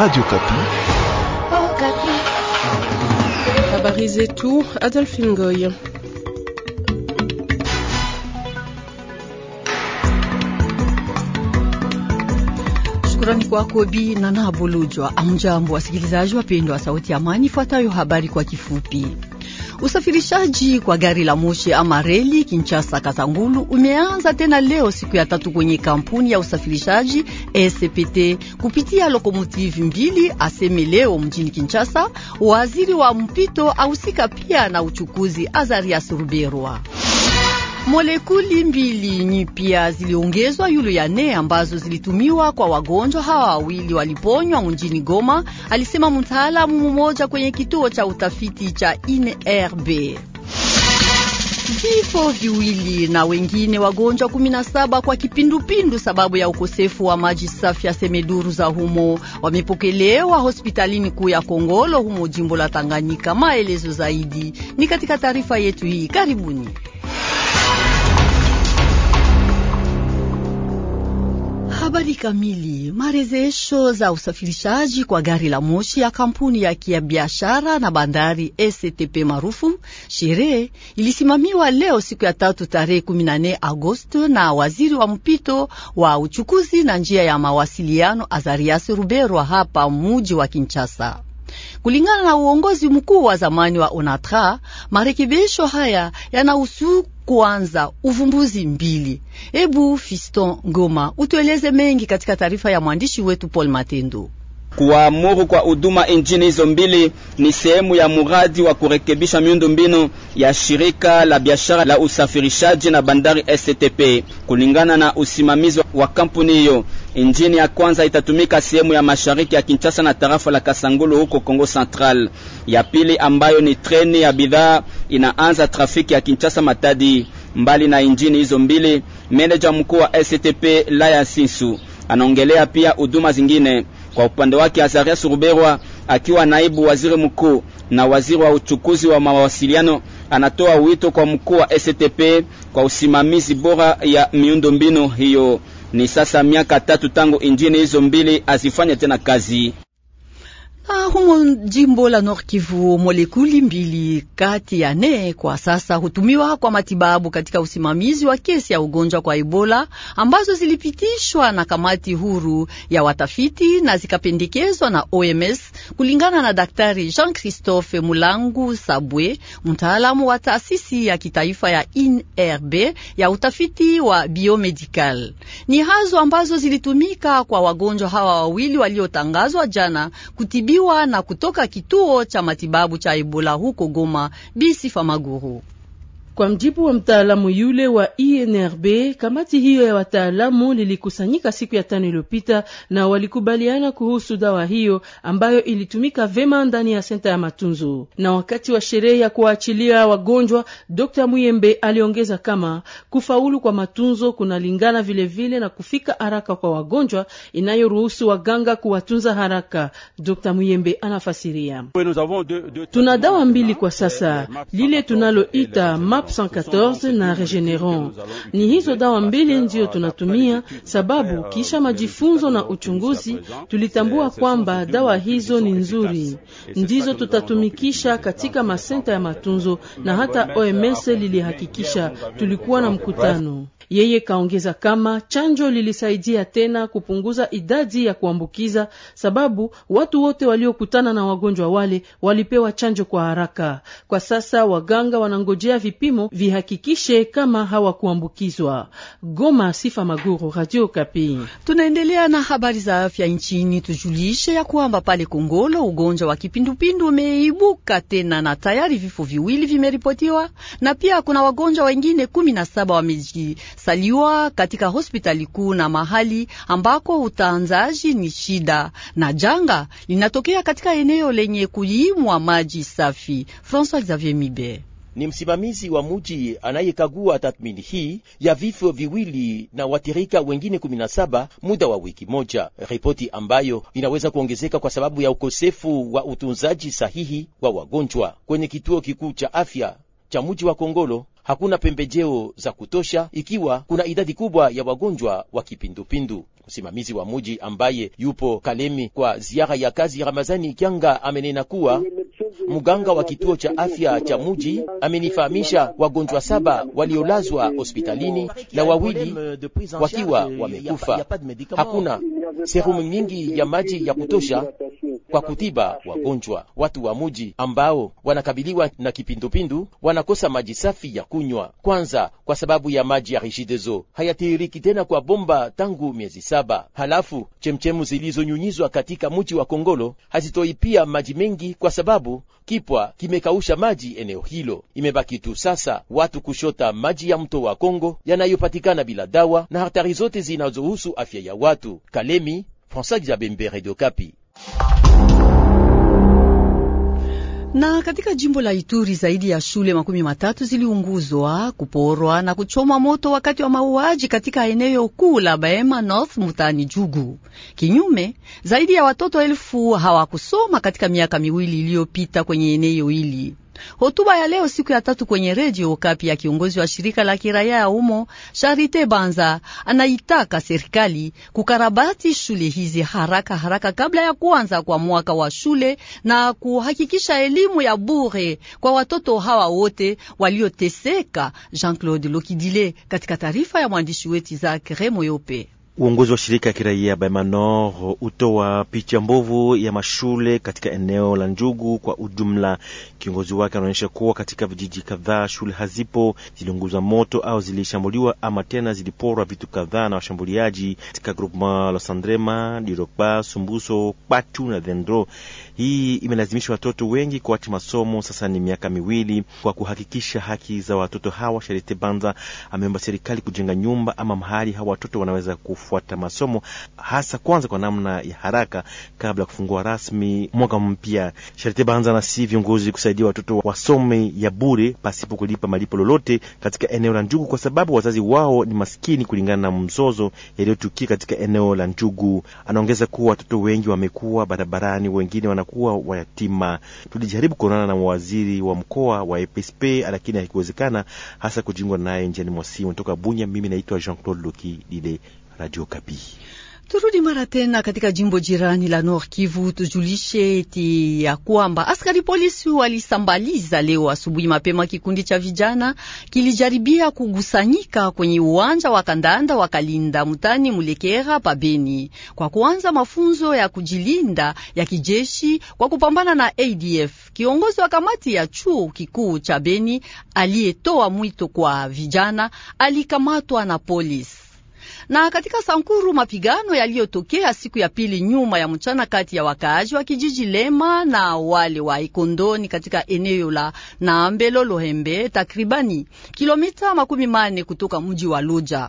Radio Kapi. Oh, Kapi. Habari zetu, Adolphe Ngoy. Shukrani kwako Bi Nana Bolojwa. Amjambo wasikilizaji wapendwa wa Sauti ya Amani, ifuatayo habari kwa kifupi. Usafirishaji kwa gari la moshi ama reli Kinshasa Katangulu umeanza tena leo siku ya tatu kwenye kampuni ya usafirishaji SPT kupitia lokomotivi mbili, aseme leo mjini Kinshasa waziri wa mpito ahusika pia na uchukuzi Azarias Ruberwa. Molekuli mbili nyipya ziliongezwa yulu ya ne ambazo zilitumiwa kwa wagonjwa hawa wawili waliponywa mjini Goma, alisema mtaalamu mmoja kwenye kituo cha utafiti cha INRB. Vifo viwili na wengine wagonjwa 17 kwa kipindupindu sababu ya ukosefu wa maji safi ya semeduru za humo wamepokelewa hospitalini kuu ya Kongolo humo jimbo la Tanganyika. Maelezo zaidi ni katika taarifa yetu hii, karibuni. Habari kamili. Marejesho za usafirishaji kwa gari la moshi ya kampuni ya kibiashara na bandari STP maarufu Shire ilisimamiwa leo siku ya tatu tarehe 14 Agosto na waziri wa mpito wa uchukuzi na njia ya mawasiliano Azarias Ruberwa hapa muji wa Kinshasa. Kulingana na uongozi mkuu wa zamani wa ONATRA, marekebisho haya yanahusu kuanza uvumbuzi mbili. Ebu Fiston Ngoma utueleze mengi katika taarifa ya mwandishi wetu Paul Matendo. Kuwaamuru kwa huduma injini hizo mbili ni sehemu ya muradi wa kurekebisha mbinu ya shirika la biashara la usafirishaji na bandari STP, kulingana na usimamizi wa kampuni hiyo. Injini ya kwanza itatumika sehemu ya mashariki ya Kinshasa na tarafa la Kasangulu huko Kongo Central. Ya pili ambayo ni treni ya bidhaa inaanza trafiki ya Kinshasa Matadi. Mbali na injini hizo mbili, meneja mkuu wa STP Laya Sisu anaongelea pia huduma zingine. Kwa upande wake, Azarias Ruberwa akiwa naibu waziri mkuu na waziri wa uchukuzi wa mawasiliano anatoa wito kwa mkuu wa STP kwa usimamizi bora ya mbinu hiyo. Ni sasa miaka tatu tangu injini hizo mbili azifanye tena kazi. Ah, humo jimbo la Nord Kivu molekuli mbili kati ya nne kwa sasa hutumiwa kwa matibabu katika usimamizi wa kesi ya ugonjwa kwa Ebola ambazo zilipitishwa na kamati huru ya watafiti na zikapendekezwa na OMS kulingana na Daktari Jean Christophe Mulangu Sabwe, mtaalamu wa taasisi ya kitaifa ya INRB ya utafiti wa biomedical. Ni hazo ambazo zilitumika kwa wagonjwa hawa wawili waliotangazwa jana kutibiwa akiwa na kutoka kituo cha matibabu cha Ebola huko Goma, Bisi Famaguru. Kwa mjibu wa mtaalamu yule wa INRB, e kamati hiyo ya wataalamu lilikusanyika siku ya tano iliyopita na walikubaliana kuhusu dawa hiyo ambayo ilitumika vema ndani ya senta ya matunzo. Na wakati wa sherehe ya kuwaachilia wagonjwa, Dr. Muyembe aliongeza kama kufaulu kwa matunzo kunalingana vilevile vile na kufika haraka kwa wagonjwa inayoruhusu waganga kuwatunza haraka. Dr. Muyembe anafasiria. Tuna dawa mbili kwa sasa, lile tunaloita 114 na Regeneron. Ni hizo dawa mbili ndiyo tunatumia, sababu kisha majifunzo na uchunguzi tulitambua kwamba dawa hizo ni nzuri, ndizo tutatumikisha katika masenta ya matunzo, na hata OMS lilihakikisha. Tulikuwa na mkutano yeye kaongeza kama chanjo lilisaidia tena kupunguza idadi ya kuambukiza, sababu watu wote waliokutana na wagonjwa wale walipewa chanjo kwa haraka. Kwa sasa waganga wanangojea vipimo vihakikishe kama hawakuambukizwa. Goma, Sifa Maguru, Radio Kapi. Tunaendelea na habari za afya nchini. Tujulishe ya kwamba pale Kongolo ugonjwa wa kipindupindu umeibuka tena na tayari vifo viwili vimeripotiwa na pia kuna wagonjwa wengine kumi na saba wameji saliwa katika hospitali kuu na mahali ambako utaanzaji ni shida na janga linatokea katika eneo lenye kuyimwa maji safi. François Xavier Mibe ni msimamizi wa muji anayekagua tathmini hii ya vifo viwili na watirika wengine 17 muda wa wiki moja, ripoti ambayo inaweza kuongezeka kwa sababu ya ukosefu wa utunzaji sahihi wa wagonjwa kwenye kituo kikuu cha afya cha muji wa Kongolo hakuna pembejeo za kutosha, ikiwa kuna idadi kubwa ya wagonjwa wa kipindupindu. Msimamizi wa muji ambaye yupo Kalemi kwa ziara ya kazi, Ramazani Kyanga, amenena kuwa mganga wa kituo cha afya cha muji amenifahamisha wagonjwa saba waliolazwa hospitalini na wawili wakiwa wamekufa. Hakuna serumu nyingi ya maji ya kutosha kwa kutiba wagonjwa. Watu wa muji ambao wanakabiliwa na kipindupindu wanakosa maji safi ya kunywa. Kwanza kwa sababu ya maji ya Regideso hayatiririki tena kwa bomba tangu miezi saba. Halafu chemchemu zilizonyunyizwa katika mji wa Kongolo hazitoi pia maji mengi, kwa sababu kipwa kimekausha maji eneo hilo. Imebaki tu sasa watu kushota maji ya mto wa Kongo yanayopatikana bila dawa na hatari zote zinazohusu afya ya watu. Kalemi, François Xavier Mbere, Radio Okapi. Na katika jimbo la Ituri zaidi ya shule makumi matatu ziliunguzwa, kuporwa na kuchomwa moto wakati wa mauaji katika eneo kuu la Baema North mutani Jugu. Kinyume, zaidi ya watoto elfu hawakusoma katika miaka miwili iliyopita kwenye eneo hili. Hotuba ya leo siku ya tatu kwenye redio Okapi ya kiongozi wa shirika la kiraia ya umo Charite Banza anaitaka serikali kukarabati shule hizi haraka haraka kabla ya kuanza kwa mwaka wa shule na kuhakikisha elimu ya bure kwa watoto hawa wote walioteseka. Jean Claude Lokidile katika taarifa ya mwandishi wetu Zak Remoyope. Uongozi wa shirika ya kiraia Baimanor utoa picha mbovu ya mashule katika eneo la Njugu kwa ujumla. Kiongozi wake anaonyesha kuwa katika vijiji kadhaa shule hazipo, ziliunguzwa moto au zilishambuliwa, ama tena ziliporwa vitu kadhaa na washambuliaji katika groupement Losandrema, Dirokba, Sumbuso, kwatu na Dendro. Hii imelazimisha watoto wengi kuacha masomo sasa ni miaka miwili. Kwa kuhakikisha haki za watoto hawa, Sharite Banza ameomba serikali kujenga nyumba ama mahali hawa watoto wanaweza kufuata masomo, hasa kwanza kwa namna ya haraka kabla ya kufungua rasmi mwaka mpya. Sharite Banza na si viongozi kusaidia watoto wasome ya bure pasipo kulipa malipo lolote katika eneo la Njugu, kwa sababu wazazi wao ni maskini kulingana na mzozo yaliyotukia katika eneo la Njugu. Anaongeza kuwa watoto wengi wamekuwa barabarani, wengine wana kuwa wayatima. Tulijaribu kuonana na waziri wa mkoa wa EPSP lakini haikuwezekana, hasa kujiungwa naye njiani mwa simu toka Bunya. Mimi naitwa Jean Claude Loki Dile, Radio Kapi. Turudi mara tena katika jimbo jirani la Nord Kivu, tujulishe eti ya kwamba askari polisi walisambaliza leo asubuhi mapema kikundi cha vijana kilijaribia kugusanyika kwenye uwanja wa kandanda wa Kalinda Mutani Mulekera Pabeni kwa kuanza mafunzo ya kujilinda ya kijeshi kwa kupambana na ADF. Kiongozi wa kamati ya chuo kikuu cha Beni aliyetoa mwito kwa vijana alikamatwa na polisi. Na katika Sankuru, mapigano yaliyotokea siku ya pili nyuma ya mchana kati ya wakaaji wa kijiji Lema na wale wa Ikondoni katika eneo la Naambelo Lohembe, takribani kilomita makumi mane kutoka mji wa Luja.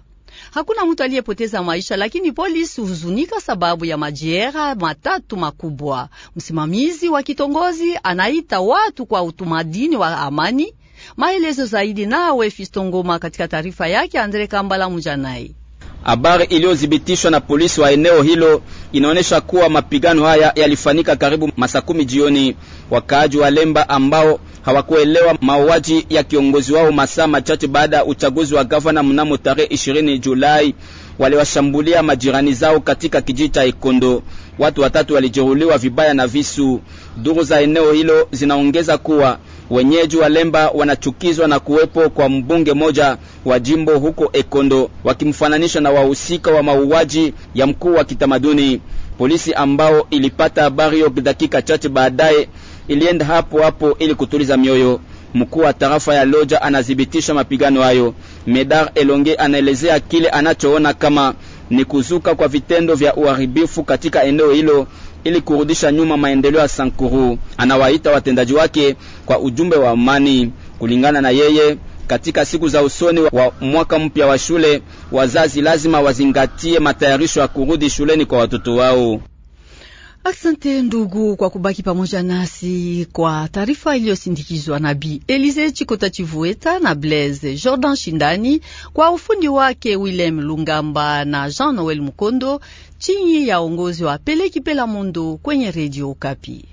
Hakuna mtu aliyepoteza maisha, lakini polisi huzunika sababu ya majeraha matatu makubwa. Msimamizi wa kitongozi anaita watu kwa utumadini wa amani. Maelezo zaidi nawe fistongoma katika taarifa yake Andre Kambala Mujanai. Habari iliyothibitishwa na polisi wa eneo hilo inaonyesha kuwa mapigano haya yalifanyika karibu masaa kumi jioni. Wakaaji wa Lemba ambao hawakuelewa mauaji ya kiongozi wao masaa machache baada ya uchaguzi wa gavana mnamo tarehe 20 Julai waliwashambulia majirani zao katika kijiji cha Ikondo. Watu watatu walijeruhiwa vibaya na visu. Duru za eneo hilo zinaongeza kuwa Wenyeji wa Lemba wanachukizwa na kuwepo kwa mbunge moja wa jimbo huko Ekondo, wakimfananisha na wahusika wa mauaji ya mkuu wa kitamaduni. Polisi ambao ilipata habari hiyo dakika chache baadaye ilienda hapo hapo ili kutuliza mioyo. Mkuu wa tarafa ya Loja anathibitisha mapigano hayo. Medar Elonge anaelezea kile anachoona kama ni kuzuka kwa vitendo vya uharibifu katika eneo hilo ili kurudisha nyuma maendeleo ya Sankuru. Anawaita watendaji wake kwa ujumbe wa amani. Kulingana na yeye, katika siku za usoni wa mwaka mpya wa shule, wazazi lazima wazingatie matayarisho ya kurudi shuleni kwa watoto wao. Asante ndugu kwa kubaki pamoja nasi kwa taarifa iliyosindikizwa na Bi Elize Chikota Chivueta na Blaise Jordan Shindani kwa ufundi wake Willem Lungamba na Jean Noel Mukondo chini ya uongozi wa Peleki Pela Mundo kwenye Redio okapi